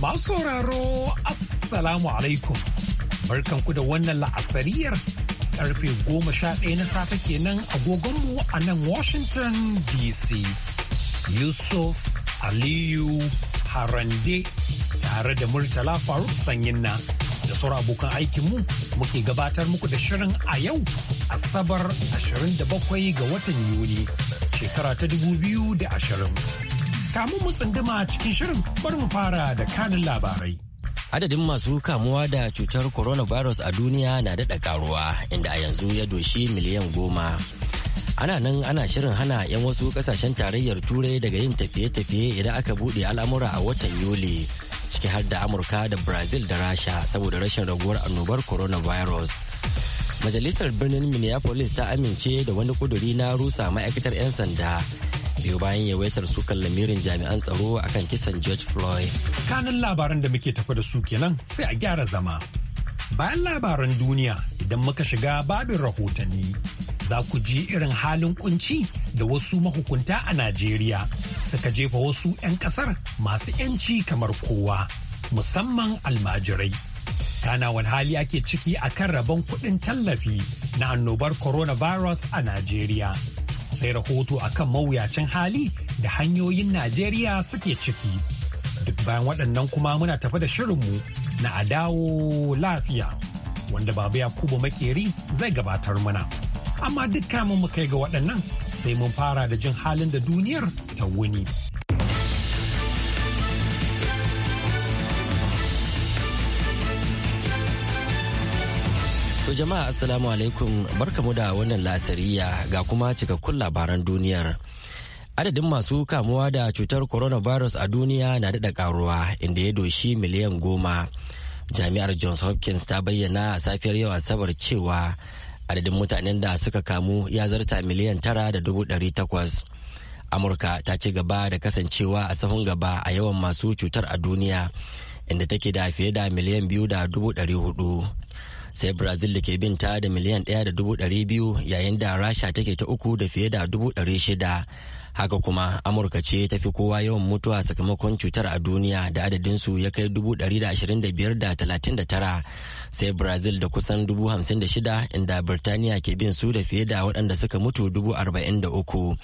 Masu sauraro Assalamu alaikum. Barkanku da wannan la'asariyar karfe goma sha ɗaya na safe kenan agogonmu a nan Washington DC. Yusuf Aliyu Harande tare da Murtala Faruk Sanyinna da sauran abokan aikinmu muke gabatar muku da shirin a yau Asabar 27 ga watan Yuni shekara ta 2020. Kamu mu tsunduma cikin shirin bari mu fara da kanin labarai. Adadin masu kamuwa da cutar coronavirus a duniya na daɗa karuwa inda a yanzu ya doshi miliyan goma. Ana nan ana shirin hana 'yan wasu ƙasashen tarayyar turai daga yin tafiye-tafiye idan aka buɗe al'amura a watan Yuli ciki har da Amurka da Brazil da Rasha saboda rashin raguwar annobar coronavirus. Majalisar birnin Minneapolis ta amince da wani ƙuduri na rusa ma'aikatar 'yan sanda biyu bayan yawaitar sukan lamirin jami'an tsaro akan kisan George Floyd. Kanin labaran da muke tafa da su kenan sai a gyara zama. Bayan labaran duniya idan muka shiga babin rahotanni za ku ji irin halin kunci da wasu mahukunta a Najeriya suka jefa wasu 'yan kasar masu 'yanci kamar kowa musamman almajirai. kana hali ake ciki a kan rabon kuɗin tallafi na annobar coronavirus a Najeriya. sai rahoto a kan mawuyacin hali da hanyoyin Najeriya suke ciki. Duk bayan waɗannan kuma muna tafi da shirinmu na adawo lafiya wanda Baba Yakubu Makeri zai gabatar mana. Amma duk kamun mu kai ga waɗannan sai mun fara da jin halin da duniyar ta wuni. To jama'a assalamu alaikum barkamu da wannan lasariya ga kuma cikakkun labaran duniyar. Adadin masu kamuwa da cutar coronavirus a duniya na daɗa karuwa inda ya doshi miliyan goma. Jami'ar Johns Hopkins ta bayyana a safiyar yau Asabar cewa adadin mutanen da suka kamu ya zarta miliyan tara da dubu ɗari takwas. Amurka ta ci gaba da kasancewa a sahun gaba a yawan masu cutar a duniya inda take da fiye da miliyan biyu da dubu ɗari hudu. sai brazil da ke bin ta da miliyan ɗaya da dubu ɗari biyu yayin da rasha take ta uku da fiye da dubu ɗari shida haka kuma amurka ce ta fi kowa yawan mutuwa sakamakon cutar a duniya da adadinsu ya kai tara, sai brazil da kusan shida inda birtaniya ke bin su da fiye da waɗanda suka mutu uku,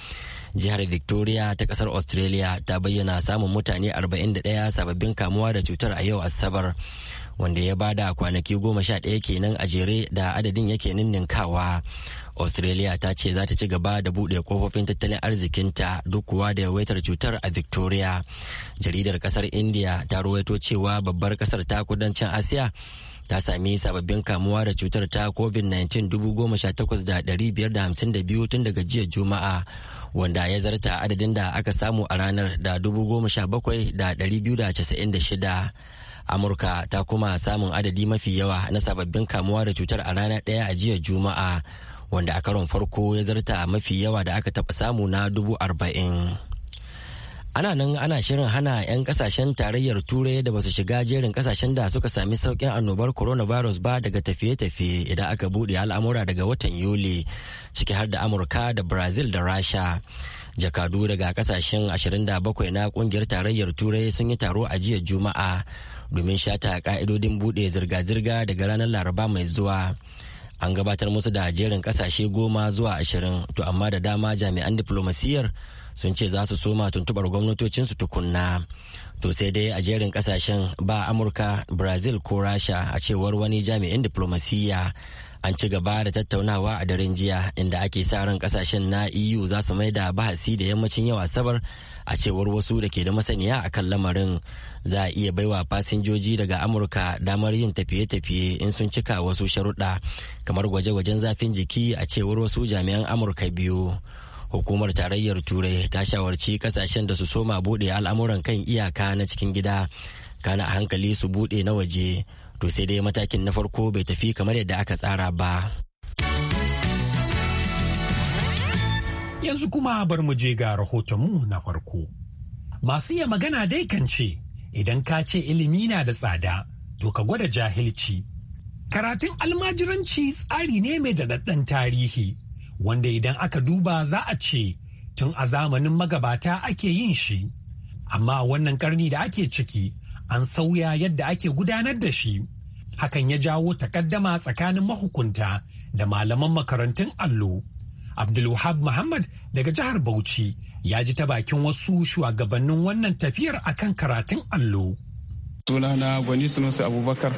jihar victoria ta ƙasar australia ta bayyana samun mutane 41 sababbin kamuwa da cutar a yau asabar wanda ya bada kwanaki goma sha ɗaya kenan a jere da adadin yake ninninkawa australia ta ce za ta ci gaba da buɗe kofofin tattalin arzikinta duk kuwa da yawaitar cutar a victoria jaridar kasar india ta ruwaito cewa babbar kasar ta kudancin asiya ta sami sababbin kamuwa da cutar ta covid-19 18,552 tun daga jiya juma'a wanda ya zarta adadin da aka samu a ranar da 17,296 amurka ta kuma samun adadi mafi yawa na sababbin kamuwa da cutar a ranar daya a jiya juma'a wanda a karon farko ya zarta mafi yawa da aka taɓa samu na dubu arba'in ana nan ana shirin hana 'yan kasashen tarayyar turai da basu shiga jerin kasashen da suka sami saukin annobar coronavirus ba daga tafiye-tafiye idan aka buɗe al'amura daga watan yuli ciki har da amurka da brazil da rasha jakadu daga kasashen 27 na kungiyar tarayyar turai sun yi taro a jiya juma'a domin shata a ka'idodin bude zirga-zirga daga ranar laraba mai zuwa an gabatar musu da jerin kasashe goma zuwa ashirin to amma da dama jami'an diflomasiyyar sun ce za su soma tuntubar gwamnatocinsu tukunna to sai dai a jerin kasashen ba amurka brazil ko rasha a cewar wani jami'in diflomasiyya an ci gaba da tattaunawa a daren jiya inda ake sa ran kasashen na eu za su mai da bahasi da yammacin yawa sabar a cewar wasu da ke da masaniya a kan lamarin za a iya baiwa fasinjoji daga amurka damar yin tafiye-tafiye in sun cika wasu sharuɗa kamar gwaje-gwajen zafin jiki a cewar wasu jami'an amurka biyu hukumar tarayyar turai ta shawarci kasashen da su soma buɗe al'amuran kan iyaka na cikin gida kana hankali su buɗe na waje to sai dai matakin na farko bai tafi kamar yadda aka tsara ba yanzu kuma bar mu je ga rahotonmu na farko masu iya magana dai kan ce idan ka ce ilimi na da tsada to ka gwada jahilci karatun almajiranci tsari ne mai daɗaɗɗan tarihi wanda idan aka duba za a ce tun a zamanin magabata ake yin shi amma wannan karni da ake ciki an sauya yadda ake gudanar da shi. Hakan ya jawo takaddama tsakanin mahukunta da malaman makarantun allo. Abdulwahab Muhammad daga jihar Bauchi ya ji ta bakin wasu shugabannin wannan tafiyar akan karatun allo. Sunana Gwani Sunusi Abubakar,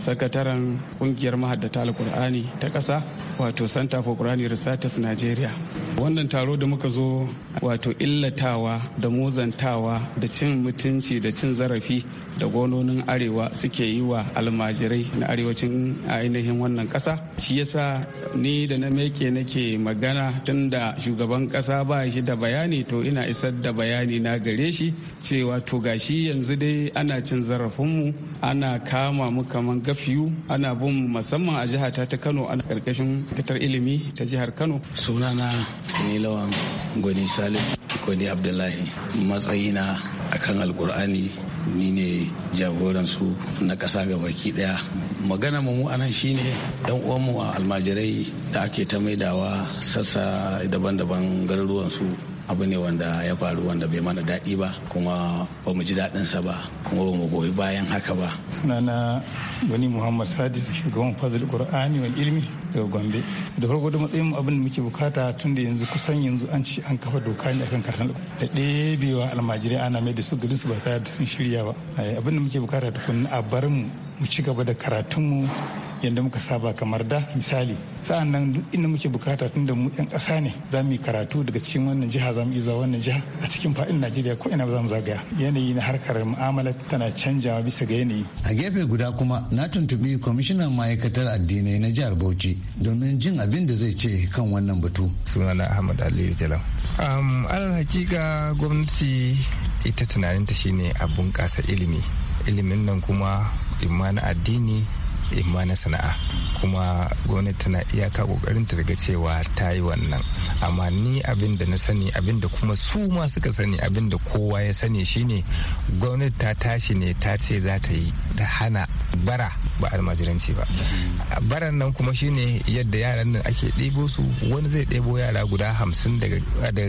sakataren ƙungiyar mahaddata Alkur'ani ta ƙasa, wato Santa for Qur'ani Researchers Nigeria. wannan taro da muka zo wato illatawa da muzantawa da cin mutunci da cin zarafi da gononin arewa suke yi wa almajirai na arewacin ainihin wannan kasa shi yasa ni da na meke nake magana tun da shugaban kasa ba shi da bayani to ina isar da bayani na gare shi cewa to gashi yanzu dai ana cin zarafinmu ana kama mu kaman gafiyu ana bin musamman a jihata ta kano a karkashin fitar ilimi ta jihar kano sunana ni lawan gwani Salim gwani abdullahi matsayina akan alkur'ani ni ne jagoransu na ƙasa ga baki ɗaya magana mu anan shine uwan uwanmu a almajirai da ake ta maidawa sassa daban-daban su abu ne wanda ya faru wanda bai mana daɗi ba kuma ba mu ji daɗinsa ba kuma ba mu goyi bayan haka ba sunana wani muhammad sadis shugaban fazil qur'ani wal ilmi daga gombe da farko da matsayin abin da muke bukata tun da yanzu kusan yanzu an ci an kafa doka ne akan karatun da ɗebewa almajirai ana mai da su garin su ba tare da sun shirya ba eh, abin da muke bukata tukun a bar mu mu ci gaba da karatunmu yadda muka saba kamar da misali sa'an nan duk inda muke bukata tun da mu yan ƙasa ne za mu yi karatu daga cikin wannan jiha za mu iya wannan jiha a cikin faɗin najeriya ko ina za mu zagaya yanayi na harkar mu'amala tana canjawa bisa ga yanayi a gefe guda kuma na tuntuɓi kwamishinan ma'aikatar addinai na jihar bauchi domin jin abin da zai ce kan wannan batu sunana ahmad aliyu jalam um, alal hakika gwamnati ita tunaninta shine a bunƙasa ilimi ilimin nan kuma imma na addini imma na sana'a kuma gwamnati tana iyaka kokarin ta daga cewa ta yi wannan amma ni abin na sani abinda kuma su ma suka sani abinda kowa ya sani shine gwamnati ta tashi ne ta ce za ta yi ta hana bara ba almajiranci ba baran nan kuma shine yadda yaran nan ake ɗebo su wani zai ɗebo yara guda hamsin daga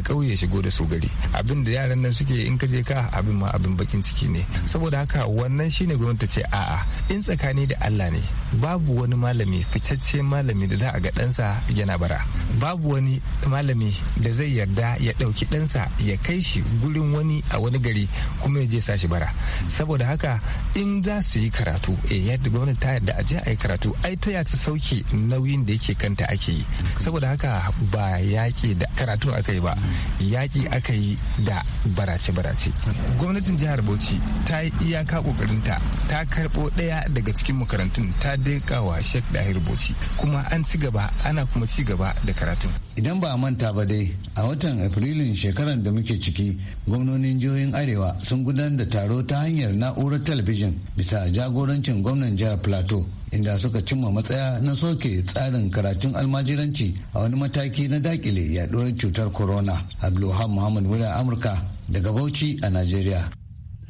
ƙauye shigo da su gari abin da yaran nan suke in ka je ka abin ma abin bakin ciki ne saboda haka wannan shine gwamnati ce a'a in tsakani da allah ne babu wani malami fitacce malami da za a ga ɗansa yana bara babu wani malami da zai yarda ya ɗauki ɗansa ya kai shi gurin wani a wani gari kuma ya je sa shi bara saboda haka in za su yi karatu e yadda gwamnati ta yarda a je a yi karatu ai ta ta sauke nauyin da yake kanta ake yi saboda haka ba yaƙi da karatu aka yi ba yaƙi aka yi da barace-barace gwamnatin jihar bauchi ta yi iyaka ƙoƙarinta ta karɓo ɗaya daga cikin makarantun ta daika wa Sheikh Dahir Bauchi kuma an ci gaba ana kuma ci gaba da karatun. Idan ba a manta ba dai a watan Afrilun shekaran da muke ciki gwamnonin jihohin Arewa sun gudanar da taro ta hanyar na'urar talabijin bisa jagorancin gwamnan jihar Plateau inda suka cimma matsaya na soke tsarin karatun almajiranci a wani mataki na dakile yaduwar cutar corona. Abdulham Muhammad Mura Amurka daga Bauchi a Najeriya.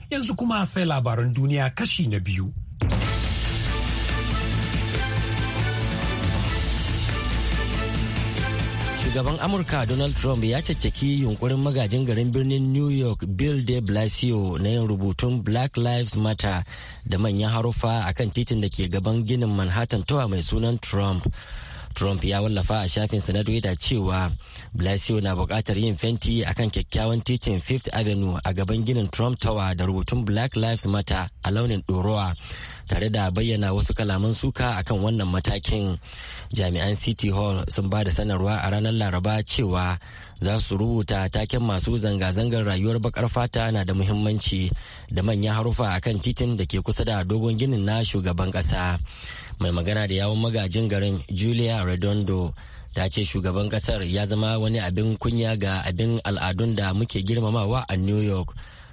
Yanzu kuma sai labaran duniya kashi na biyu. shugaban amurka donald trump ya caccaki yunkurin magajin garin birnin new york bill de blasio na yin rubutun black lives matter da manyan haruffa akan titin da ke gaban ginin manhattan towa mai sunan trump Trump ya wallafa a shafinsa na Twitter cewa Blasio na buƙatar yin fenti akan kyakkyawan titin Fifth Avenue a gaban ginin Trump Tower da rubutun Black Lives Matter a launin ɗorowa tare da bayyana wasu kalaman suka akan wannan matakin. Jami'an City Hall sun ba da sanarwa a ranar Laraba cewa za su rubuta taken masu zanga-zangar rayuwar bakar fata na da muhimmanci da manyan harufa akan titin da ke kusa da dogon ginin na shugaban ƙasa. mai magana da yawun magajin garin julia redondo ta ce shugaban kasar ya zama wani abin kunya ga abin al'adun da muke girmamawa a new york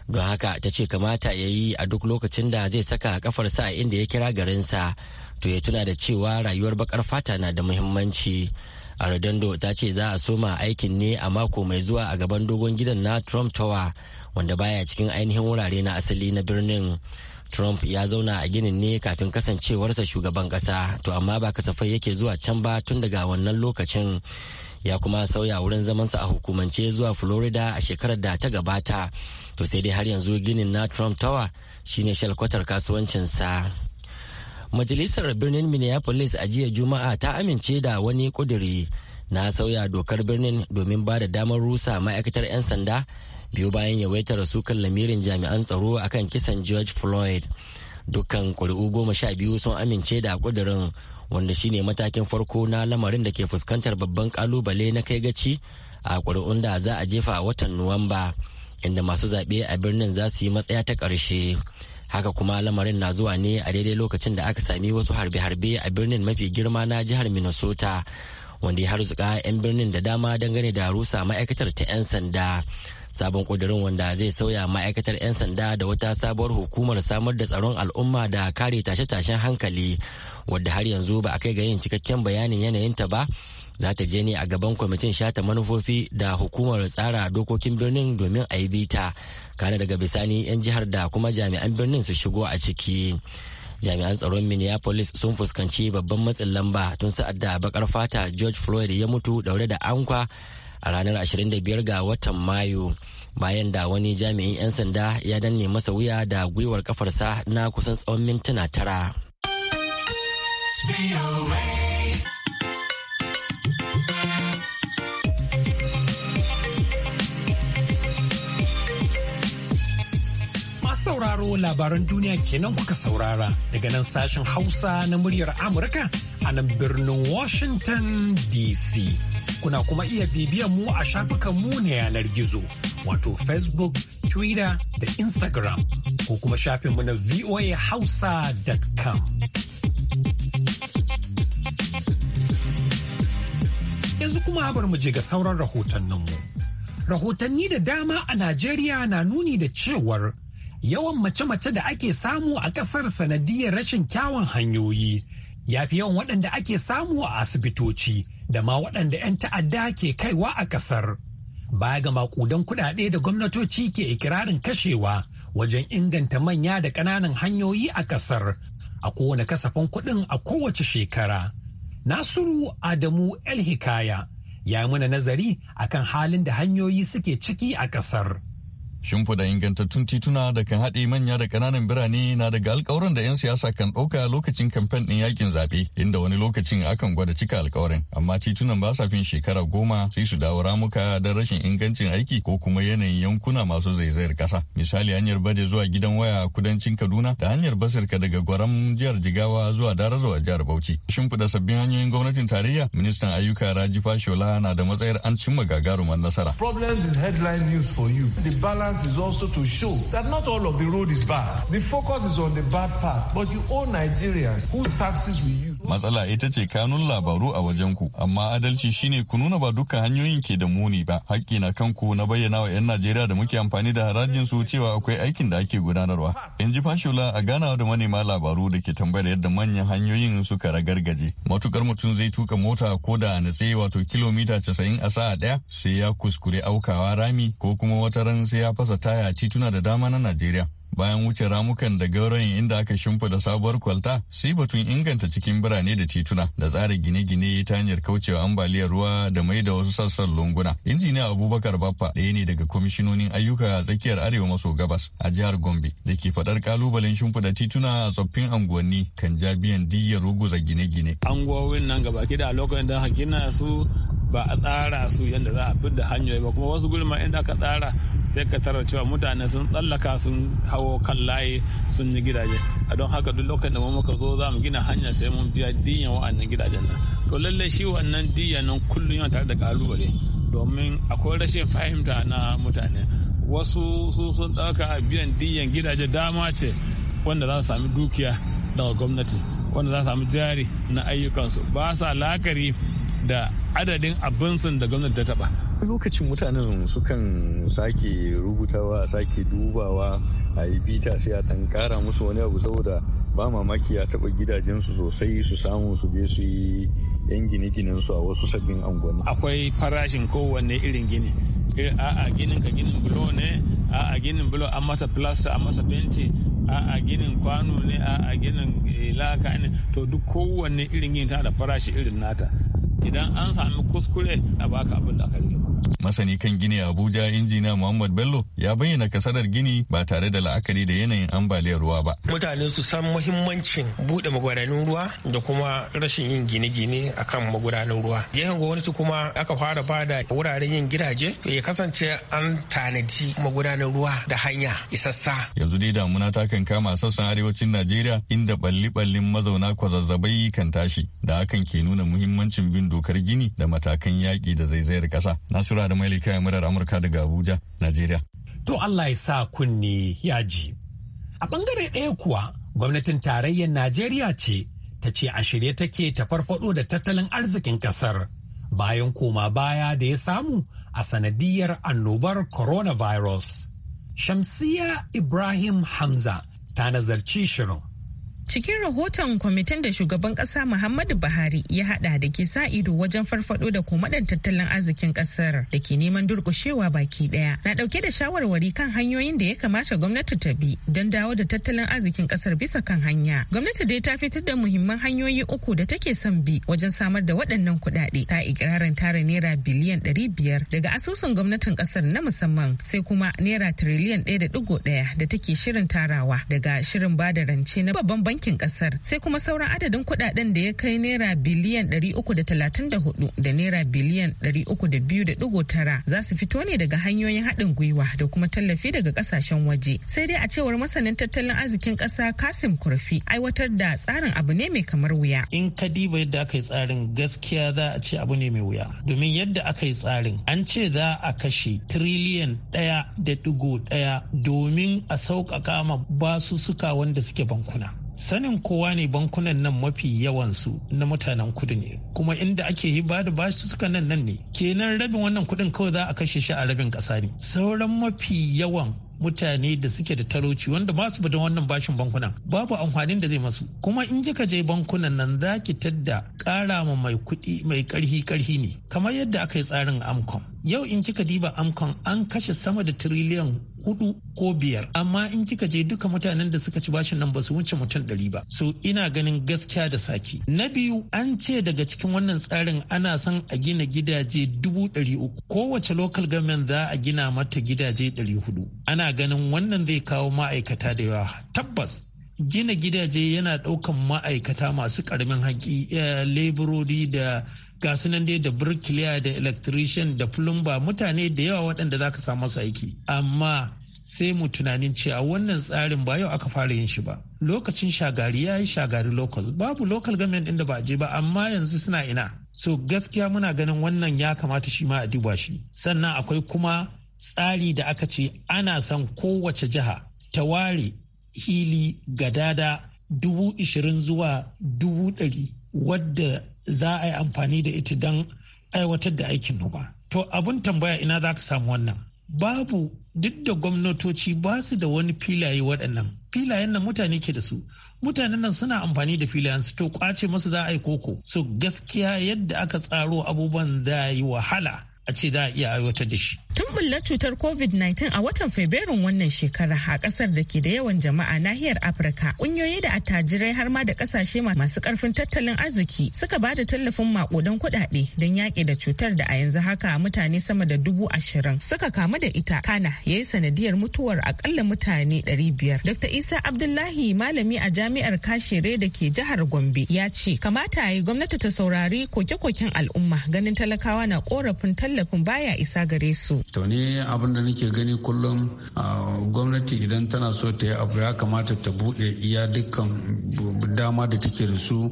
don haka ta ce kamata ya yi a duk lokacin da zai saka kafarsa a inda ya kira garinsa to ya tuna da cewa rayuwar bakar fata na da muhimmanci a redondo ta ce za a soma aikin ne a mako mai zuwa a gaban dogon gidan na trump tower wanda baya cikin ainihin wurare na asali na birnin Trump ya zauna a ginin ne kafin kasancewarsa shugaban kasa to amma ba kasafai yake zuwa can ba tun daga wannan lokacin ya kuma sauya wurin zamansa a hukumance zuwa Florida a shekarar da ta gabata to sai dai har yanzu ginin na Trump Tower shine shalkwatar kasuwancinsa. Majalisar birnin Minneapolis a jiya Juma'a ta amince da wani kuduri na sauya dokar birnin domin ba da damar rusa ma'aikatar 'yan sanda biyu bayan yawaitar sukan lamirin jami'an tsaro akan kisan george floyd dukkan kuri'u goma sha biyu sun amince da ƙudurin wanda shine matakin farko na lamarin da ke fuskantar babban kalubale na kai gaci a kuri'un da za a jefa a watan nuwamba inda masu zaɓe a birnin za su yi matsaya ta ƙarshe haka kuma lamarin na zuwa ne a daidai lokacin da aka sami wasu harbe-harbe a birnin mafi girma na jihar minnesota wanda ya harzuka 'yan birnin da dama dangane da rusa ma'aikatar ta 'yan sanda sabon kudirin wanda zai sauya ma'aikatar 'yan sanda da wata sabuwar hukumar samar da tsaron al'umma da kare tashe-tashen hankali wadda har yanzu ba a kai ga yin cikakken bayanin yanayinta ba za ta je ne a gaban kwamitin shata manufofi da hukumar tsara dokokin birnin domin a yi bita kana daga bisani 'yan jihar da kuma jami'an birnin su shigo a ciki jami'an tsaron minneapolis sun fuskanci babban matsin lamba tun sa'ad da bakar fata george floyd ya mutu daure da ankwa a ranar 25 ga watan mayu bayan da wani jami'in 'yan sanda ya danne masa wuya da gwiwar kafarsa na kusan tsawon mintuna tara. sauraro labaran duniya kenan kuka saurara daga nan sashen Hausa na muryar Amurka a nan birnin Washington DC. Kuna kuma iya bibiyan mu a shafukan mu na yanar gizo wato Facebook, Twitter da Instagram ko kuma shafin mu na voa voahausa.com. Yanzu kuma bar mu je ga sauran rahotanninmu. Rahotanni da dama a Najeriya na nuni da cewar yawan mace-mace da ake samu a ƙasar sanadiyar rashin kyawun hanyoyi ya fi yawan waɗanda ake samu a asibitoci da ma waɗanda 'yan ta'adda ke kaiwa a ƙasar. Baya ga maƙudan kuɗaɗe da gwamnatoci ke ikirarin kashewa wajen inganta manya da ƙananan hanyoyi a ƙasar a kowane kasafin kuɗin a kowace shekara. Nasiru Adamu El Hikaya ya yi mana nazari akan halin da hanyoyi suke ciki a ƙasar. Shimfiɗa ingantattun tituna da kan haɗe manya da ƙananan birane na daga alkawuran da 'yan siyasa kan ɗauka lokacin kamfen ɗin yakin zaɓe, inda wani lokacin akan gwada cika alkawarin, amma titunan ba sa fin shekara goma sai su dawo ramuka don rashin ingancin aiki ko kuma yanayin yankuna masu zaizayar ƙasa. Misali hanyar baje zuwa gidan waya a kudancin Kaduna da hanyar Basirka daga Gwaram jihar Jigawa zuwa Darazawa jihar Bauchi. Shimfiɗa sabbin hanyoyin gwamnatin tarayya, ministan ayyuka rajifashola shola na da matsayar an cimma gagarumar nasara. Problems is headline for you. The balance is also to show that not all of the road is bad. The focus is on the bad part, but you owe Nigerians whose taxes we use Matsala ita ce kanun labaru a wajen ku, amma adalci shine ku nuna ba dukkan hanyoyin ke da muni ba. Haƙƙi na kanku na bayyana wa 'yan Najeriya da muke amfani da harajin su cewa akwai aikin da ake gudanarwa. In ji Fashola a ganawa da manema labaru da ke tambayar yadda manyan hanyoyin suka ragargaje. Matukar mutum zai tuka mota ko da natse wato kilomita casa'in a sa'a ɗaya sai ya kuskure aukawa rami ko kuma wata ran sai ya fasa taya tituna da dama na Najeriya. bayan wuce ramukan da gaurayin inda aka shimfida sabuwar kwalta sai batun inganta cikin birane da tituna da tsara gine-gine ta hanyar kaucewa ambaliyar ruwa da mai da wasu sassan lunguna injiniya abubakar baffa ɗaya ne daga kwamishinonin ayyuka a tsakiyar arewa maso gabas a jihar gombe da ke faɗar kalubalen shimfida tituna a tsoffin anguwanni kan jabiyan biyan diyyar ruguza gine-gine anguwowin nan gabaki da lokacin da hakina su ba a tsara su yadda za a fidda hanyoyi ba kuma wasu gurin inda aka tsara sai ka tarar cewa mutane sun tsallaka sun hawo kan layi sun yi gidaje a don haka duk lokacin da mu muka zo za mu gina hanya sai mun biya diyan wa'annan gidajen nan to lallai shi wannan diyan nan kullum yana tare da kalubale domin akwai rashin fahimta na mutane wasu su sun ɗauka biyan diyan gidaje dama ce wanda za su sami dukiya daga gwamnati wanda za su sami jari na ayyukansu ba sa lakari da adadin abinsin da gwamnati ta taba lokacin mutanen sukan sake rubutawa sake dubawa a yi bita sai a ɗan ƙara musu wani abu saboda ba mamaki ya taɓa gidajensu sosai su samu su je su yi yan gine-ginen su a wasu sabbin angonni. akwai farashin kowanne irin gini eh, a a ginin ka ginin bulo ne a a ginin bulo an masa plasta an masa benci a a ginin kwano ne a a ginin eh, laka ne to duk kowanne irin gini tana da farashi irin nata idan an sami kuskure a baka abin da aka rike Masani kan gini a Abuja injiniya Muhammad Bello ya bayyana kasadar gini ba tare da la'akari da yanayin ambaliyar ruwa ba. Mutane su san muhimmancin bude magudanin ruwa da kuma rashin yin gine-gine a kan magudanan ruwa. Yayin gwamnati kuma aka fara ba da wuraren yin gidaje ya kasance an tanadi magudanan ruwa da hanya isassa. Yanzu dai damuna ta kan kama sassan arewacin Najeriya inda balli-ballin mazauna kwazazzabai kan tashi da hakan ke nuna muhimmancin bin dokar gini da matakan yaƙi da zaizayar ƙasa. Nasu Nasura da Maili kayan murar Amurka daga Abuja, Najeriya. To Allah ya sa kunni ya ji. A bangare ɗaya kuwa gwamnatin tarayyar Najeriya ce ta ce a shirye take ta farfado da tattalin arzikin ƙasar bayan koma baya da ya samu a sanadiyar annobar coronavirus. Shamsiya Ibrahim Hamza ta nazarci shirin. Cikin rahoton kwamitin da shugaban ƙasa Muhammadu Buhari ya haɗa da ke sa ido wajen farfado da komadan tattalin arzikin ƙasar da ke neman durƙushewa baki ɗaya. Na ɗauke da shawarwari kan hanyoyin da ya kamata gwamnati ta bi don dawo da tattalin arzikin ƙasar bisa kan hanya. Gwamnati dai ta fitar da muhimman hanyoyi uku da take son bi wajen samar da waɗannan kuɗaɗe. Ta ikirarin tara naira biliyan ɗari biyar daga asusun gwamnatin ƙasar na musamman sai kuma naira tiriliyan ɗaya da ɗigo ɗaya da take shirin tarawa daga shirin bada rance na babban bankin kasar sai kuma sauran adadin kudaden da ya kai naira biliyan 334 da naira biliyan 302.9 za su fito ne daga hanyoyin haɗin gwiwa da kuma tallafi daga kasashen waje sai dai a cewar masanin tattalin arzikin ƙasa kasim kurfi aiwatar da tsarin abu ne mai kamar wuya in ka diba yadda aka yi tsarin gaskiya za a ce abu ne mai wuya domin yadda aka yi tsarin an ce za a kashe tiriliyan ɗaya da ɗigo ɗaya domin a sauƙaƙa ma suka wanda suke bankuna sanin kowa ne bankunan nan mafi yawansu na mutanen kudu ne kuma inda ake yi ba da bashi suka nan nan ne kenan rabin wannan kudin kawai za a kashe shi a rabin kasa ne sauran mafi yawan mutane da suke da talauci wanda ba su da wannan bashin bankunan babu amfanin da zai masu kuma in kika je bankunan nan za ki tadda kara ma mai kuɗi mai karhi karhi ne kamar yadda aka yi tsarin amcom yau in kika diba amcom an kashe sama da tiriliyan hudu ko biyar amma in kika je duka mutanen da suka ci bashin nan ba su wuce mutum ɗari ba so ina ganin gaskiya da saki na biyu an ce daga cikin wannan tsarin ana son a gina gidaje dubu ɗari uku kowace local government za a gina mata gidaje ɗari hudu ana ganin wannan zai kawo ma'aikata da yawa tabbas gina gidaje yana ɗaukan ma'aikata masu ƙaramin haƙi eh, leburori da ga nan dai da burkiliya da electrician da plumber mutane da yawa waɗanda za ka samu su aiki amma sai mu tunanin cewa wannan tsarin ba yau aka fara yin shi ba lokacin shagari ya yi shagari locals babu local government inda ba je ba amma yanzu suna ina so gaskiya muna ganin wannan ya kamata shi ma a duba shi sannan akwai kuma tsari da aka ce ana son kowace jiha ta ware hili gadada dubu ishirin zuwa dubu ɗari wadda za a yi amfani da ita don aiwatar da aikin noma to abin tambaya ina za ka samu wannan babu duk da gwamnatoci ba su da wani filaye waɗannan filayen nan mutane ke da su mutanen nan suna amfani da filayen su to kwace masu za a yi koko so gaskiya yadda aka tsaro abubuwan za yi wahala a ce za a iya aiwatar da shi Tun bulla cutar COVID-19 a watan Fabrairun wannan shekara a kasar da ke da yawan jama'a nahiyar Afirka, kungiyoyi da attajirai har ma da kasashe masu karfin tattalin arziki suka ba da tallafin makudan kuɗaɗe don yaƙi da cutar da a yanzu haka mutane sama da dubu ashirin suka kamu da ita. Kana ya yi sanadiyar mutuwar akalla mutane ɗari biyar. Dr. Isa Abdullahi malami a jami'ar Kashere da ke jihar Gombe ya ce kamata ya yi gwamnati ta saurari koke-koken al'umma ganin talakawa na korafin tallafin baya isa gare su. to ne abin da nake gani kullum gwamnati idan tana so ta yi abu ya kamata ta bude iya dukkan dama da take da su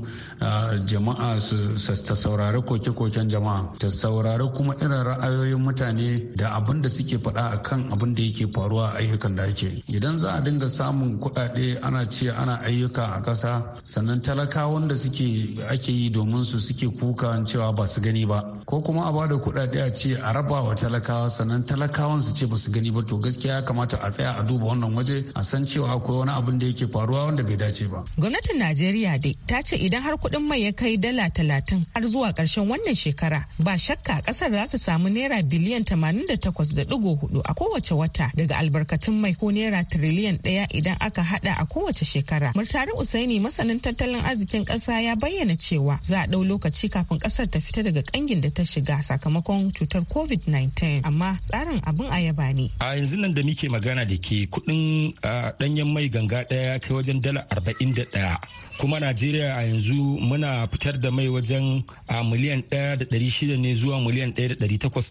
jama'a su ta saurari koke-koken jama'a ta saurari kuma irin ra'ayoyin mutane da abin da suke faɗa a kan abin da yake faruwa a ayyukan da ake idan za a dinga samun kuɗaɗe ana ce ana ayyuka a ƙasa sannan talakawan da suke ake yi domin su suke kuka cewa ba su gani ba ko kuma a bada kuɗaɗe a ce a raba wa talakawa sannan talakawan su ce ba su gani ba to gaskiya ya kamata a tsaya a duba wannan waje a san cewa akwai wani abin da yake faruwa wanda bai dace ba. Gwamnatin Najeriya dai ta ce idan har kuɗin mai ya kai dala talatin har zuwa ƙarshen wannan shekara ba shakka ƙasar za ta samu naira biliyan tamanin da takwas da ɗigo hudu a kowace wata daga albarkatun mai ko naira tiriliyan ɗaya idan aka haɗa a kowace shekara. Murtari Usaini masanin tattalin arzikin ƙasa ya bayyana cewa za a ɗau lokaci kafin ƙasar ta fita daga ƙangin da ta ta shiga sakamakon cutar covid-19 amma tsarin abin a yaba ne a yanzu nan da muke magana da ke kudin danyen ah, mai ganga daya kai wajen dala 41 kuma najeriya a yanzu muna fitar da mai wajen a miliyan ɗaya ɗari shida ne zuwa miliyan ɗaya da ɗari takwas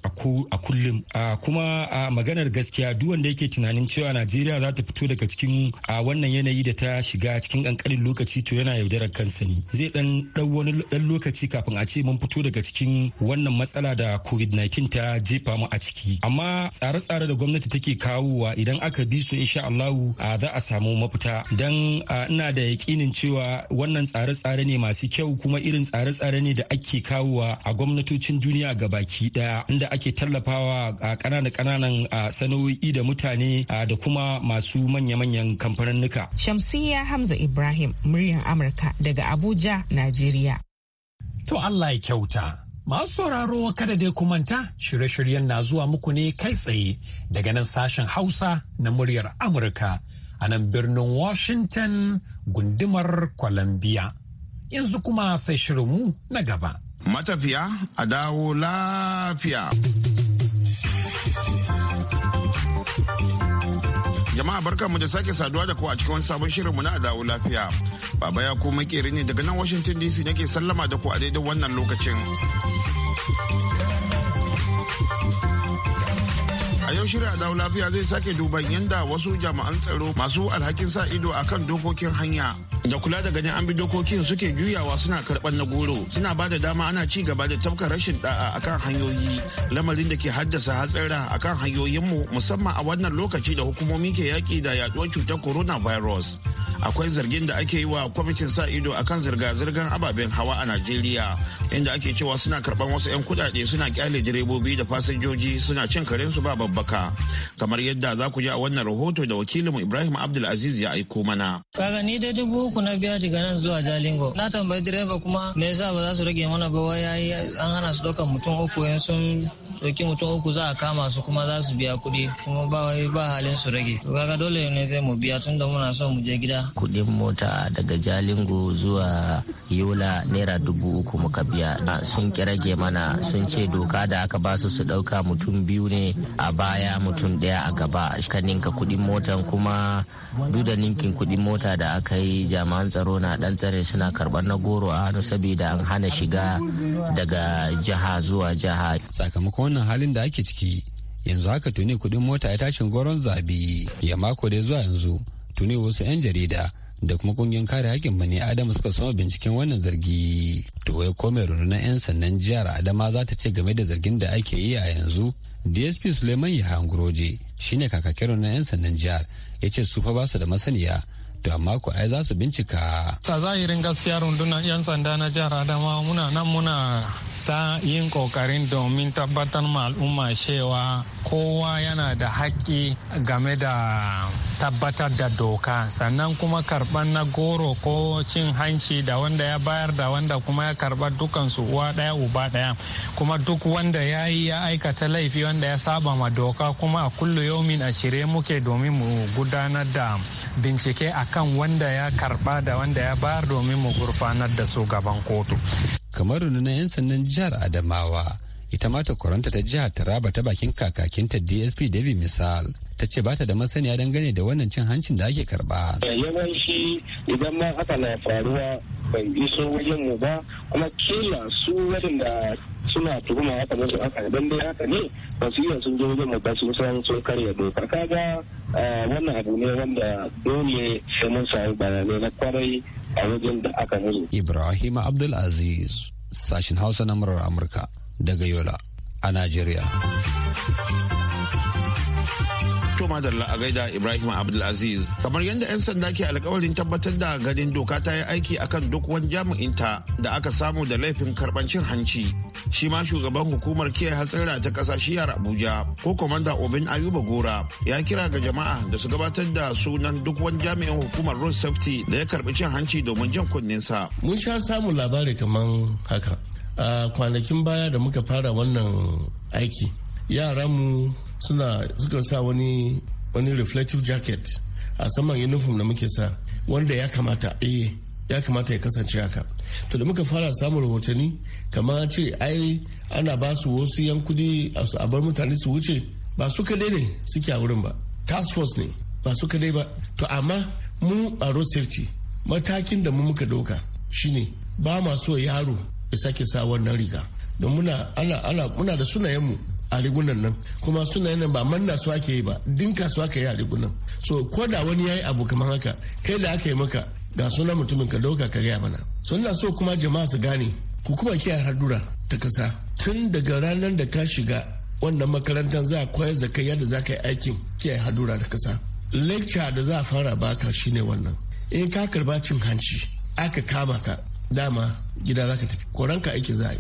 a kullum kuma a maganar gaskiya duk wanda yake tunanin cewa najeriya za ta fito daga cikin a wannan yanayi da ta shiga cikin ƙanƙanin lokaci to yana yaudarar kansa ne zai ɗan dau wani ɗan lokaci kafin a ce mun fito daga cikin wannan matsala da covid-19 ta jefa mu a ciki amma tsare-tsare da gwamnati take kawowa idan aka bi su insha Allahu za a samu mafita dan ina da yakinin cewa wannan tsare-tsare ne masu kyau kuma irin tsare-tsare ne da ake kawowa a gwamnatocin duniya ga baki daya inda ake tallafawa a kananan kananan sana'o'i da mutane da kuma masu manya-manyan nuka Shamsiyya Hamza Ibrahim, muryar Amurka daga Abuja, Najeriya. To Allah ya kyauta. Masu sauraro kada dai kumanta shirye-shiryen na zuwa muku ne kai tsaye daga nan sashen Hausa na muryar Amurka a nan birnin Washington gundumar Columbia. Yanzu kuma sai shirinmu na gaba. Matafiya a dawo lafiya. Jama'a barkanmu da sake saduwa da kowa a cikin wani sabon shirinmu na dawo lafiya. Baba ya ko makeri ne daga nan Washington DC nake sallama da ku a daidai wannan lokacin. A yau shirya dawo lafiya zai sake duban yadda wasu jama'an tsaro masu alhakin sa ido akan dokokin hanya da kula da ganin an bi dokokin suke juyawa suna karɓar na goro suna ba da dama ana ci gaba da tafka rashin da'a akan hanyoyi lamarin da ke haddasa hatsara akan hanyoyinmu musamman a wannan lokaci da hukumomi ke yaƙi da yaduwar cutar coronavirus. Akwai zargin da ake yi wa kwamitin sa ido akan zirga-zirgar ababen hawa a Najeriya inda ake cewa suna karɓar wasu 'yan kuɗaɗe suna kyale direbobi da fasinjoji suna cin karensu ba babba. baka kamar yadda za ku ji a wannan rahoto da wakilin mu ibrahim abdulaziz ya aiko mana kaga ni dai dubu uku na biya daga nan zuwa jalingo na tambayi direba kuma me yasa ba za su rage mana ba wai an hana su ɗaukar mutum uku yan sun ɗauki mutum uku za a kama su kuma za su biya kuɗi kuma ba ba halin su rage to kaga dole ne zai mu biya tunda muna so mu je gida kuɗin mota daga jalingo zuwa yola naira dubu uku muka biya sun ki rage mana sun ce doka da aka ba su su ɗauka mutum biyu ne a baya mutum ɗaya a gaba ka ninka kuɗin motan kuma duk da ninkin kuɗin mota da aka yi jami'an tsaro na ɗan tsare suna karɓar na goro a hannu saboda an hana shiga daga jiha zuwa jiha sakamakon wannan halin da ake ciki yanzu haka tuni kudin mota ya tashin goron zabi ya mako da zuwa yanzu tuni wasu 'yan jarida da kuma kungiyar kare hakkin bani adama suka sama binciken wannan zargi to wai komai rundunar 'yan sannan jihar adama za ta ce game da zargin da ake yi a yanzu dsp suleiman yahanguroje shine kakakin rundunar 'yan sannan jihar ya ce su fa ba su da masaniya da mako ai za su bincika. ta zahirin gaskiya rundunar 'yan sanda na jihar adama muna nan muna ta yin kokarin domin tabbatar ma al'umma cewa kowa yana da haƙƙi game da tabbatar da doka sannan kuma karɓar na goro ko cin hanci da wanda ya bayar da wanda kuma ya karɓa dukansu uwa ɗaya uba ɗaya kuma duk wanda ya yi ya aikata laifi wanda ya saba ma doka kuma a kullu yomin a shirye muke domin mu gudanar da bincike a akan wanda ya karba da wanda ya bayar domin mu gurfanar da su gaban kotu kamar rundunar 'yan sannan jihar adamawa ita ma ta koranta ta jihar taraba ta bakin kakakinta dsp david misal ta ce ba ta da masaniya dangane da wannan cin hancin da ake karba yawanci idan ma haka na faruwa bai iso wajen mu ba kuma kila su waɗanda suna tuhuma ya kamar su haka idan dai haka ne ba su iya sun je mu ba sun san sun karya doka kaga wannan abu ne wanda dole sai mun samu bayanai na kwarai a wajen da aka nazo Ibrahim Abdulaziz sashin Hausa na murar Amurka daga Yola a Najeriya. To madalla a Ibrahim Abdulaziz. Kamar yadda 'yan sanda ke alkawarin tabbatar da ganin doka ta yi aiki akan duk wani ta da aka samu da laifin karban cin hanci. Shi ma shugaban hukumar kiyaye hatsira ta ƙasa shiyar Abuja ko komanda Obin Ayuba Gora ya kira ga jama'a da su gabatar da sunan duk wani jami'in hukumar road safety da ya karbi cin hanci domin jan sa Mun sha samun labari kamar haka. A kwanakin baya da muka fara wannan aiki, yaranmu suna suka sa wani wani reflective jacket a saman uniform da muke sa wanda ya kamata eh ya kamata ya kasance haka to da muka fara samun rahotanni kamar ce ai ana ba su wasu yankudi a abar mutane su wuce ba su kadai ne suke a wurin ba task force ne ba su kadai ba to amma mu a road safety matakin da mu muka doka shine ba ma so yaro ya sake sa wannan riga don muna ana ana muna da sunayenmu a rigunan nan kuma suna nan ba manna su ake yi ba din su aka yi a rigunan so ko da wani ya yi abu kamar haka kai da aka yi maka ga sunan mutumin ka dauka ka gaya mana suna so kuma jama'a su gane ku kuma kiyaye hadura ta kasa tun daga ranar da ka shiga wannan makarantar za a koyar da kai yadda za ka yi aikin kiyaye hadura ta kasa lecture da za a fara baka shine wannan in ka karba cin hanci aka kama ka dama gida za ka tafi koranka aiki za a yi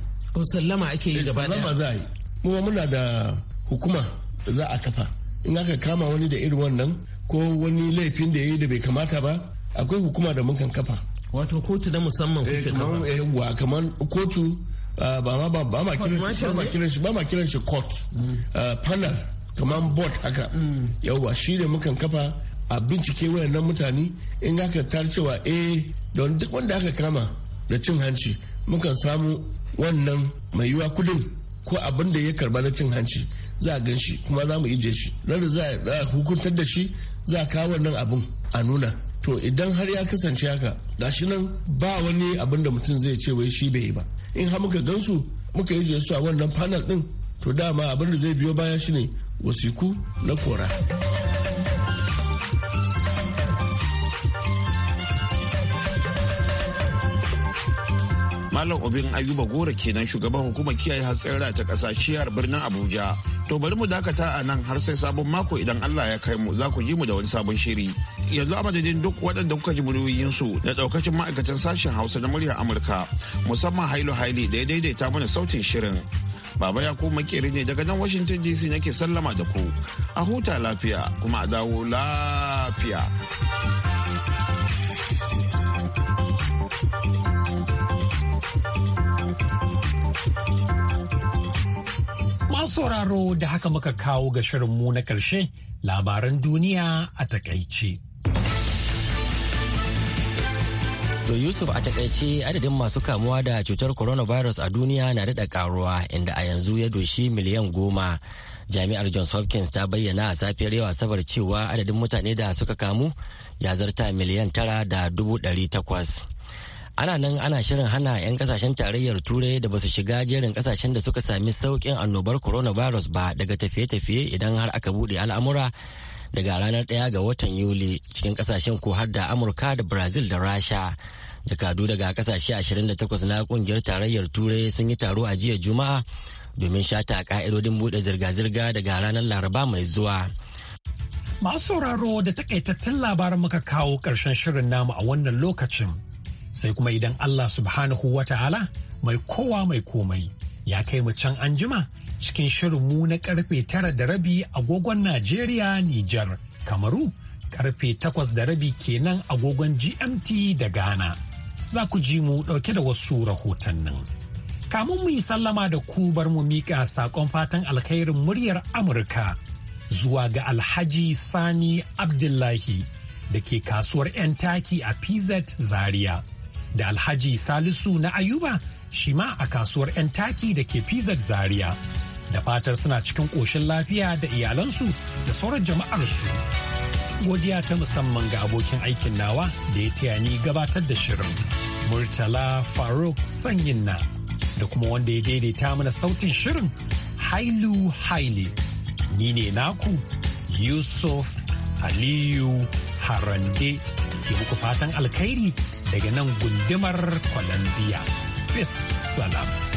sallama ake yi eh, gaba daya sallama za a yi kuma muna da hukuma za a kafa in aka kama wani da irin wannan ko wani laifin da ya yi da bai kamata ba akwai hukuma da mukan kafa wato kotu na musamman eh, kuke kafa eh, wa kamar kotu ah, ba ma ba kiran shi ba ma kiran shi ba ma kiran shi court mm. ah, panel kamar board haka mm. yawwa shi ne mukan kafa a bincike wayannan mutane in aka tar cewa eh don duk wanda aka kama da cin hanci mukan samu wannan mai yiwa kudin ko abin da ya karba na cin hanci za a gan shi kuma za mu ije shi nan za a hukuntar da shi za a kawo wannan abin a nuna to idan har ya kasance haka gashi nan ba wani abin da mutum zai ce wai shi bai yi ba in har muka gansu muka ije su a wannan panel din to dama abin da zai biyo baya shine wasiku na kora. Malam Obin Ayuba Gora kenan shugaban hukumar kiyaye hatsara ta ƙasa shiyar birnin Abuja. To bari mu dakata a nan har sai sabon mako idan Allah ya kai mu za ku ji mu da wani sabon shiri. Yanzu a madadin duk waɗanda kuka ji su da ɗaukacin ma'aikatan sashen Hausa na muryar Amurka musamman Hailu Haili da ya daidaita mana sautin shirin. Baba ya kuma makeri ne daga nan Washington DC nake sallama da ku. A huta lafiya kuma a dawo lafiya. Masu sauraro da haka muka kawo ga shirin mu na ƙarshe labaran duniya a takaice. To Yusuf a takaice adadin masu kamuwa da cutar coronavirus a duniya na daɗa ƙaruwa inda a yanzu ya doshi miliyan goma. Jami'ar Johns Hopkins ta bayyana a safiyar yau Asabar cewa adadin mutane da suka kamu ya zarta miliyan tara da dubu ɗari takwas. ana nan ana shirin hana 'yan kasashen tarayyar turai da basu shiga jerin kasashen da suka sami saukin annobar coronavirus ba daga tafiye-tafiye idan har aka buɗe al'amura daga ranar ɗaya ga watan yuli cikin kasashen ko har da amurka da brazil da rasha jakadu daga kasashe 28 na kungiyar tarayyar turai sun yi taro a jiya juma'a domin shata ka'idodin buɗe zirga-zirga daga ranar laraba mai zuwa masu sauraro da takaitattun labaran muka kawo ƙarshen shirin namu a wannan lokacin sai kuma idan Allah subhanahu wa ta'ala mai kowa mai komai ya kai mu can anjima cikin shirin mu na karfe tara da rabi agogon Najeriya Nijar Kamaru karfe takwas da rabi kenan agogon GMT da Ghana. Za ku ji mu ɗauke da wasu rahotannin. Kamun mu yi sallama da ku bar mu miƙa saƙon fatan alkhairin muryar Amurka zuwa ga Alhaji Sani Abdullahi da ke kasuwar 'yan taki a PZ Zaria. da Alhaji Salisu na Ayuba shi ma a kasuwar 'yan taki da ke Pizar Zaria. Da fatar suna cikin ƙoshin lafiya da iyalansu da sauran jama'arsu. Godiya ta musamman ga abokin aikin nawa da ya taya ni gabatar da shirin. Murtala Faruk Sanyin na da kuma wanda ya daidaita mana sautin shirin Hailu Haile. Ni ne naku Yusuf Aliyu Harande ke muku fatan alkhairi daga nan gundumar Columbia. Peace, salam.